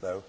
though.